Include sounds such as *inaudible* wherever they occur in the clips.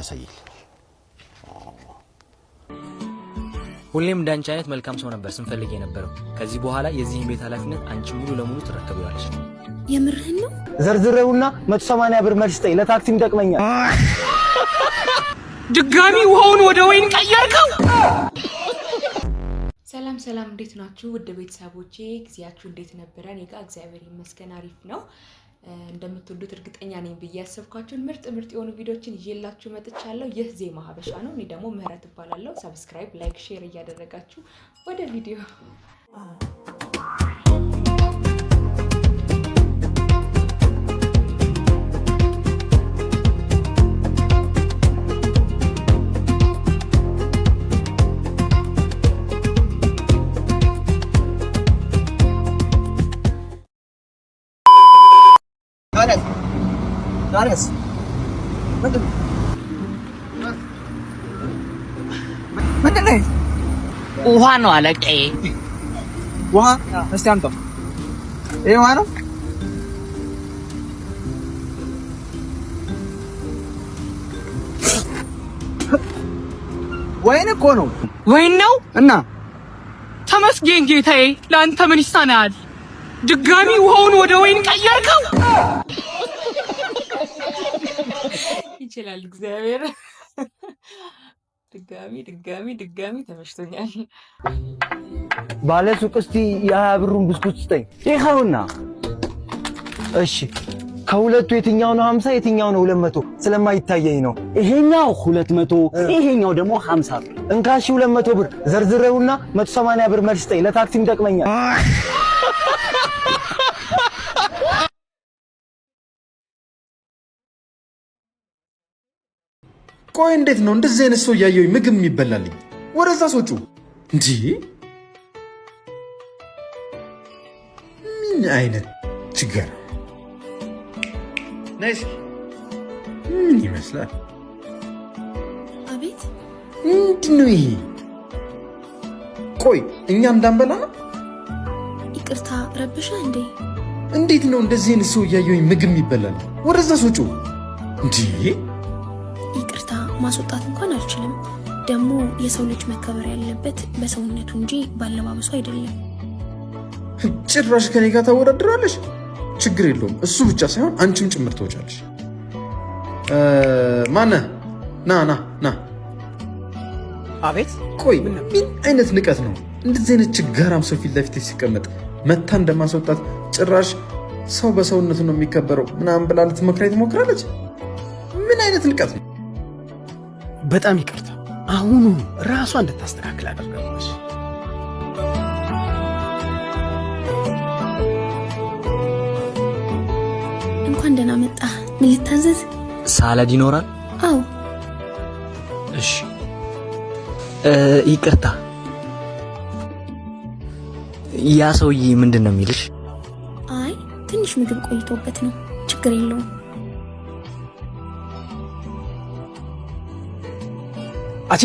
ያሳያል። ሁሌም እንዳንቺ አይነት መልካም ሰው ነበር ስንፈልግ የነበረው። ከዚህ በኋላ የዚህን ቤት ኃላፊነት አንቺ ሙሉ ለሙሉ ትረከቢዋለሽ። የምርህን ነው? ዘርዝሬውና መቶ ሰማንያ ብር መልስ ጠይ ለታክሲም ይጠቅመኛል። ድጋሚ ውሃውን ወደ ወይን ቀየርከው። ሰላም ሰላም፣ እንዴት ናችሁ ውድ ቤተሰቦቼ? ጊዜያችሁ እንዴት ነበረ? እኔ ጋ እግዚአብሔር ይመስገን አሪፍ ነው። እንደምትወዱት እርግጠኛ ነኝ ብዬ ያሰብኳችሁን ምርጥ ምርጥ የሆኑ ቪዲዮዎችን ይዤላችሁ መጥቻለሁ። ይህ ዜማ ሀበሻ ነው። እኔ ደግሞ ምህረት እባላለሁ። ሰብስክራይብ፣ ላይክ፣ ሼር እያደረጋችሁ ወደ ቪዲዮ ዛሬስ ምንድን ነው? ውሃ ነው አለቀዬ። ውሃ እስቲ አምጣው። ይሄ ውሃ ነው። ወይን እኮ ነው። ወይን ነው እና ተመስገን ጌታዬ፣ ለአንተ ምን ይሳናል? ድጋሚ ውሃውን ወደ ወይን ቀየርከው። *laughs* ይችላል እግዚአብሔር። *laughs* ድጋሚ ድጋሚ ድጋሚ ተመችቶኛል። ባለ ሱቅ እስቲ የሀያ ብሩን ብስኩት ስጠኝ። ይኸውና። እሺ ከሁለቱ የትኛው ነው ሀምሳ የትኛው ነው ሁለት መቶ ስለማይታየኝ ነው። ይሄኛው ሁለት መቶ ይሄኛው ደግሞ ሀምሳ ብር። እንካሽ ሁለት መቶ ብር ዘርዝሬውና መቶ ሰማንያ ብር መልስ ስጠኝ። ለታክሲም ይጠቅመኛል። *laughs* ቆይ እንዴት ነው እንደዚህ አይነት ሰው እያየው ምግብ የሚበላልኝ? ወደዛ ሶጩ እንዲ ምን አይነት ችግር ነሽ? ምን ይመስላል? አቤት ምንድን ነው ይሄ? ቆይ እኛ እንዳንበላ ነው? ይቅርታ ረብሻ እንዴ? እንዴት ነው እንደዚህ አይነት ሰው እያየው ምግብ የሚበላልኝ? ወደዛ ሶጩ እንዲ ማስወጣት እንኳን አልችልም። ደግሞ የሰው ልጅ መከበር ያለበት በሰውነቱ እንጂ ባለባበሱ አይደለም። ጭራሽ ከኔ ጋር ታወዳድራለሽ? ችግር የለውም እሱ ብቻ ሳይሆን አንቺም ጭምር ትወጫለሽ። ማነ ና ና ና። አቤት። ቆይ ምን አይነት ንቀት ነው? እንደዚህ አይነት ችጋራም ሰው ፊት ለፊት ሲቀመጥ መታ እንደማስወጣት ጭራሽ ሰው በሰውነቱ ነው የሚከበረው ምናምን ብላ ልትመክረኝ ትሞክራለች። ምን አይነት ንቀት ነው? በጣም ይቅርታ፣ አሁኑ ራሷ እንድታስተካክል አደርጋለች። እንኳን ደህና መጣ። ምን ልታዘዝ? ሳላድ ይኖራል? አዎ። እሺ። ይቅርታ፣ ያ ሰውዬ ምንድን ነው የሚልሽ? አይ ትንሽ ምግብ ቆይቶበት ነው፣ ችግር የለውም። አቺ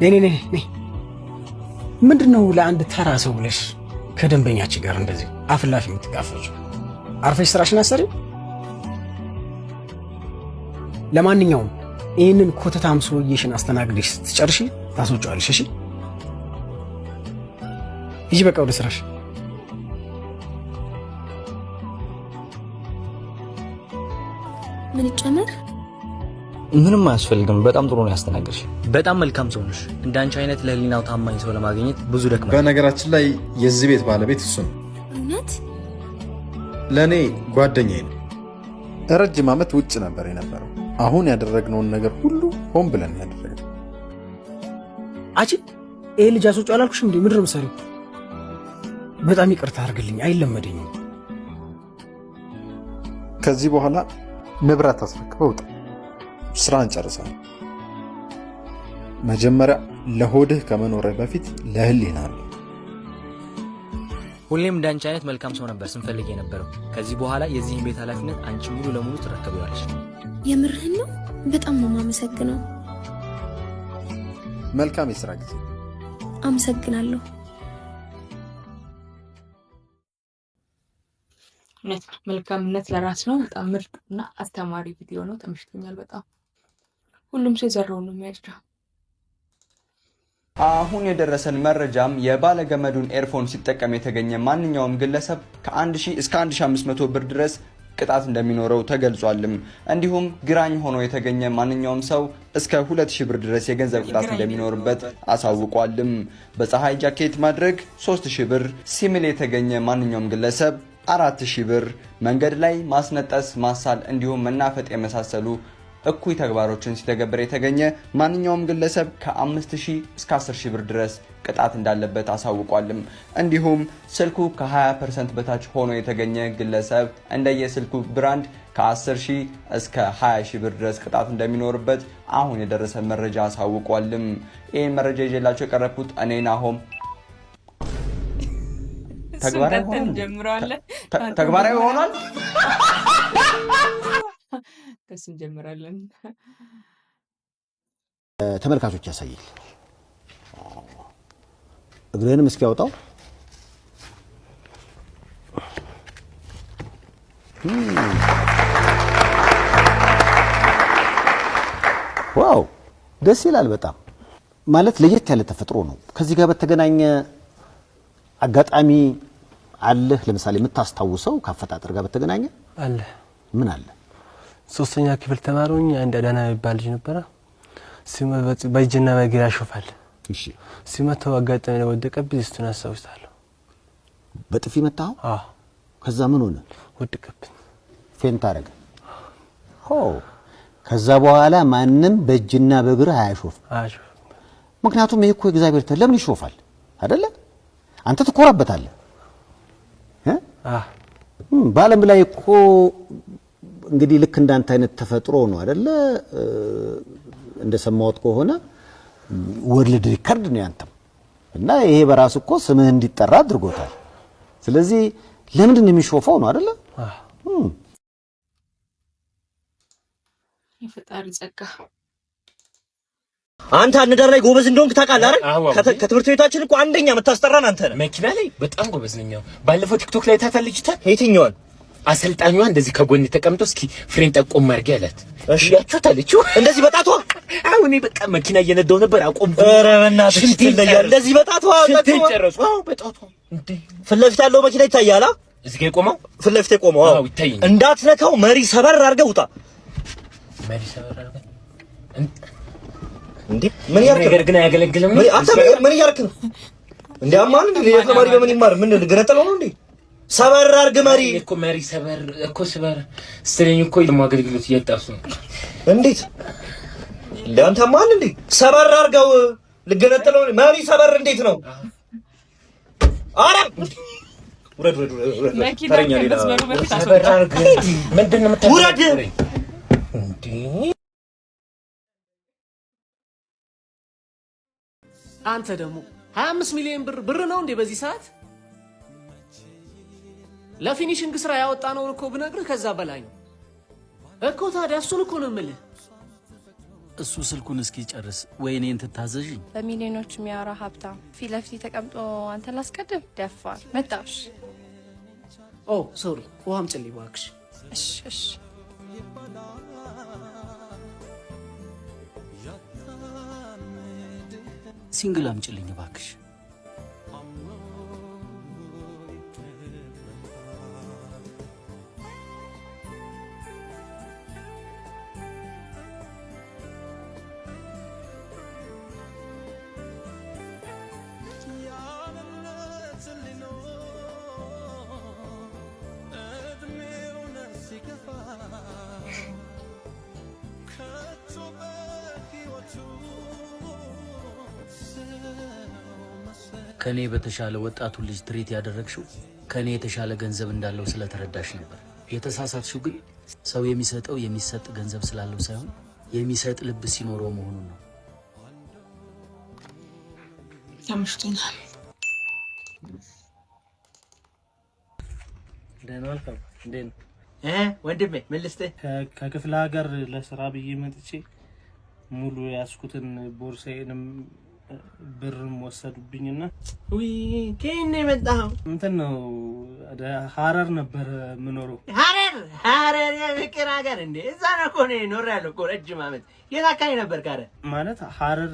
ኔ ኔ ኔ ምንድን ነው ለአንድ ተራ ሰው ብለሽ ከደንበኛች ጋር እንደዚህ አፍላፊ የምትጋፈች? አርፈሽ ስራሽን አሰሪ። ለማንኛውም ይህንን ኮተታም ሰውዬሽን አስተናግደሽ ስትጨርሺ ታስወጫዋለሽ። እሺ ይጂ፣ በቃ ወደ ስራሽ። ምን ይጨመር? ምንም አያስፈልግም። በጣም ጥሩ ነው ያስተናገርሽ። በጣም መልካም ሰው ነሽ። እንደ አንቺ አይነት ለህሊናው ታማኝ ሰው ለማግኘት ብዙ ደክመ። በነገራችን ላይ የዚህ ቤት ባለቤት እሱ ነው። እውነት ለእኔ ጓደኛዬ ነው። ረጅም ዓመት ውጭ ነበር የነበረው። አሁን ያደረግነውን ነገር ሁሉ ሆን ብለን ያደረግነው። አቺ ይህ ልጅ አስወጪ አላልኩሽ እንዴ? ምድር ምሰሪ በጣም ይቅርታ አድርግልኝ፣ አይለመደኝም። ከዚህ በኋላ ንብረት ውጣ። ስራን ጨርሳል። መጀመሪያ ለሆድህ ከመኖርህ በፊት ለህሊና ነው። ሁሌም እንዳንቺ አይነት መልካም ሰው ነበር ስንፈልግ የነበረው። ከዚህ በኋላ የዚህን ቤት ኃላፊነት አንቺ ሙሉ ለሙሉ ትረከቢዋለሽ። የምርህን ነው። በጣም ነው የማመሰግነው። መልካም የስራ ጊዜ። አመሰግናለሁ። መልካምነት ለራስ ነው። በጣም ምርጥ እና አስተማሪ ቪዲዮ ነው። ተመችቶኛል በጣም ሁሉም ሰው የዘራውን ነው የሚያጭደው። አሁን የደረሰን መረጃም የባለገመዱን ኤርፎን ሲጠቀም የተገኘ ማንኛውም ግለሰብ ከ1000 እስከ 1500 ብር ድረስ ቅጣት እንደሚኖረው ተገልጿልም። እንዲሁም ግራኝ ሆኖ የተገኘ ማንኛውም ሰው እስከ 2000 ብር ድረስ የገንዘብ ቅጣት እንደሚኖርበት አሳውቋልም። በፀሐይ ጃኬት ማድረግ 3000 ብር፣ ሲምል የተገኘ ማንኛውም ግለሰብ 4000 ብር፣ መንገድ ላይ ማስነጠስ፣ ማሳል እንዲሁም መናፈጥ የመሳሰሉ እኩይ ተግባሮችን ሲተገብር የተገኘ ማንኛውም ግለሰብ ከ5000 እስከ 10000 ብር ድረስ ቅጣት እንዳለበት አሳውቋልም። እንዲሁም ስልኩ ከ20 ፐርሰንት በታች ሆኖ የተገኘ ግለሰብ እንደየስልኩ ብራንድ ከ10 ሺህ እስከ 20 ሺህ ብር ድረስ ቅጣት እንደሚኖርበት አሁን የደረሰ መረጃ አሳውቋልም። ይህን መረጃ ይዤላቸው የቀረብኩት እኔ ናሆም። ተግባራዊ ሆኗል። ከሱ እንጀምራለን። ተመልካቾች ያሳያል። እግርህንም እስኪያወጣው ዋው ደስ ይላል። በጣም ማለት ለየት ያለ ተፈጥሮ ነው። ከዚህ ጋር በተገናኘ አጋጣሚ አለህ? ለምሳሌ የምታስታውሰው ከአፈጣጠር ጋር በተገናኘ አለ? ምን አለ? ሶስተኛ ክፍል ተማሪኝ አንድ አዳና የሚባል ልጅ ነበረ። በእጅና በእግር ያሾፋል። ሲመታው አጋጣሚ ላይ ወደቀብኝ። እሱን አስታውሳለሁ። በጥፊ መታው። ከዛ ምን ሆነ? ወደቀብኝ። ፌንት አደረገ። ከዛ በኋላ ማንም በእጅና በእግር አያሾፍ። ምክንያቱም ይሄ እኮ ተ ለምን ይሾፋል አይደለ? አንተ ትኮራበታለህ። በዓለም ላይ እኮ እንግዲህ ልክ እንዳንተ አይነት ተፈጥሮ ነው አደለ? እንደሰማሁት ከሆነ ወርልድ ሪከርድ ነው ያንተም፣ እና ይሄ በራሱ እኮ ስምህ እንዲጠራ አድርጎታል። ስለዚህ ለምንድን ነው የሚሾፈው ነው አደለ? የፈጣሪ ጸጋ። አንተ አንዳር ላይ ጎበዝ እንደሆንክ ታውቃለህ አይደል? ከትምህርት ቤታችን እኮ አንደኛ የምታስጠራን አንተ ነህ። መኪና ላይ በጣም ጎበዝ ነኝ። ባለፈው ቲክቶክ ላይ ታታለች። የትኛዋን አሰልጣኟ እንደዚህ ከጎን ተቀምጦ እስኪ ፍሬን ጠቆም አድርጌ አላት። እሺ ያችሁታለችሁ እንደዚህ በጣቷ አሁን እኔ በቃ መኪና እየነዳው ነበር አቆምኩ። ኧረ በእናትሽ ትለያለህ። እንደዚህ በጣቷ ሽንቴን ጨረስኩ። አዎ በጣቷ እንዴ ፊት ለፊት ያለው መኪና ይታያል። እዚህ ጋር የቆመው ፊት ለፊት የቆመው አዎ ይታየኝ። እንዳትነካው መሪ ሰበር አድርገህ ውጣ። መሪ ሰበር አድርገህ እንዴ ምን ያርክ ነገር ግን አያገለግልም። አንተ ምን ያርክ ነው እንዴ? አማን እንዴ ተማሪ በምን ይማር ምን ልገነጠለው ነው እንዴ? ሰበር አርግ መሪ እኮ መሪ ሰበር እኮ ሰበር ስለኝ እኮ አገልግሎት እያጣሱ ነው። እንዴት ማን እንዴ? ሰበር አድርገው ልገለጥለው መሪ ሰበር እንዴት ነው? አረ ውረድ ውረድ ውረድ። ተረኛ ሌላ ሰበር አርግ ምንድን ነው የምታደርገው? ውረድ እንዴ አንተ ደግሞ 25 ሚሊዮን ብር ብር ነው እንዴ በዚህ ሰዓት ለፊኒሽንግ ስራ ያወጣነውን እኮ ብነግርህ ከዛ በላይ ነው እኮ። ታዲያ እሱን እኮ ነው የምልህ። እሱ ስልኩን እስኪ ጨርስ ወይ እኔን ትታዘዥኝ። በሚሊዮኖች የሚያወራ ሀብታም ፊት ለፊት ተቀምጦ አንተ ላስቀድም ደፋር መጣሽ። ኦ ሶሪ፣ ውሃም ጭል እባክሽ። እሽሽ ሲንግል አምጭልኝ እባክሽ። ከእኔ በተሻለ ወጣቱን ልጅ ትሬት ያደረግሽው ከእኔ የተሻለ ገንዘብ እንዳለው ስለተረዳሽ ነበር። የተሳሳትሽው ግን ሰው የሚሰጠው የሚሰጥ ገንዘብ ስላለው ሳይሆን የሚሰጥ ልብ ሲኖረው መሆኑን ነው። ወንድሜ ምን ልስጥህ? ከክፍለ ሀገር ለስራ ብዬ መጥቼ ሙሉ ያስኩትን ቦርሳዬንም ብርም ወሰዱብኝና ከየት ነው የመጣኸው? እንትን ነው ሀረር ነበር የምኖረው። ሀረር ሀረር የፍቅር ሀገር እንዴ! እዛ ነው እኮ እኔ ኖሬያለሁ እኮ ረጅም ዓመት። የት አካባቢ ነበር? ሀረር ማለት ሀረር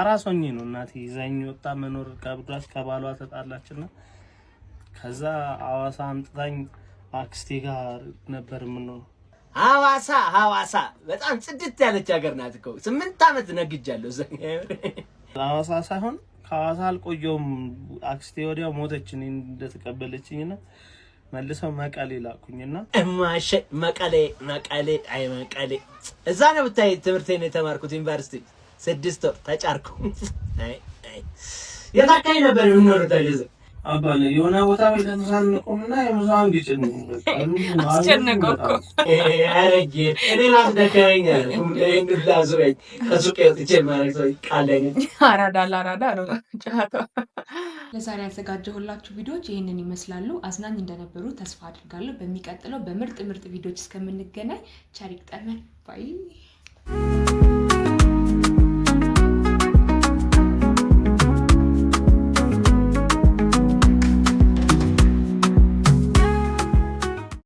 አራሶኝ ነው እናቴ ይዛኝ ወጣ። መኖር ከብዷት ከባሏ ተጣላችና ከዛ አዋሳ አምጥታኝ አክስቴ ጋር ነበር የምኖረው ሐዋሳ ሐዋሳ በጣም ጽድት ያለች ሀገር ናት እኮ ስምንት ዓመት ነግጃለሁ። ሐዋሳ ሳይሆን ከሐዋሳ አልቆየውም። አክስቴ ወዲያው ሞተችን እንደተቀበለችኝ ና መልሰው መቀሌ ላኩኝና ማሸ መቀሌ መቀሌ አይ መቀሌ እዛ ነው ብታይ ትምህርቴን የተማርኩት ዩኒቨርሲቲ ስድስት ወር ተጫርኩ። የታካኝ ነበር ነበር የምኖረው? አባለ የሆነ ቦታ ላይ ተሳንቆምና የብዙሃን የብዙሀን ግጭት ነው። ለዛሬ ያዘጋጀሁላችሁ ቪዲዮዎች ይህንን ይመስላሉ። አዝናኝ እንደነበሩ ተስፋ አድርጋለሁ። በሚቀጥለው በምርጥ ምርጥ ቪዲዮዎች እስከምንገናኝ ቸር ይግጠመን ባይ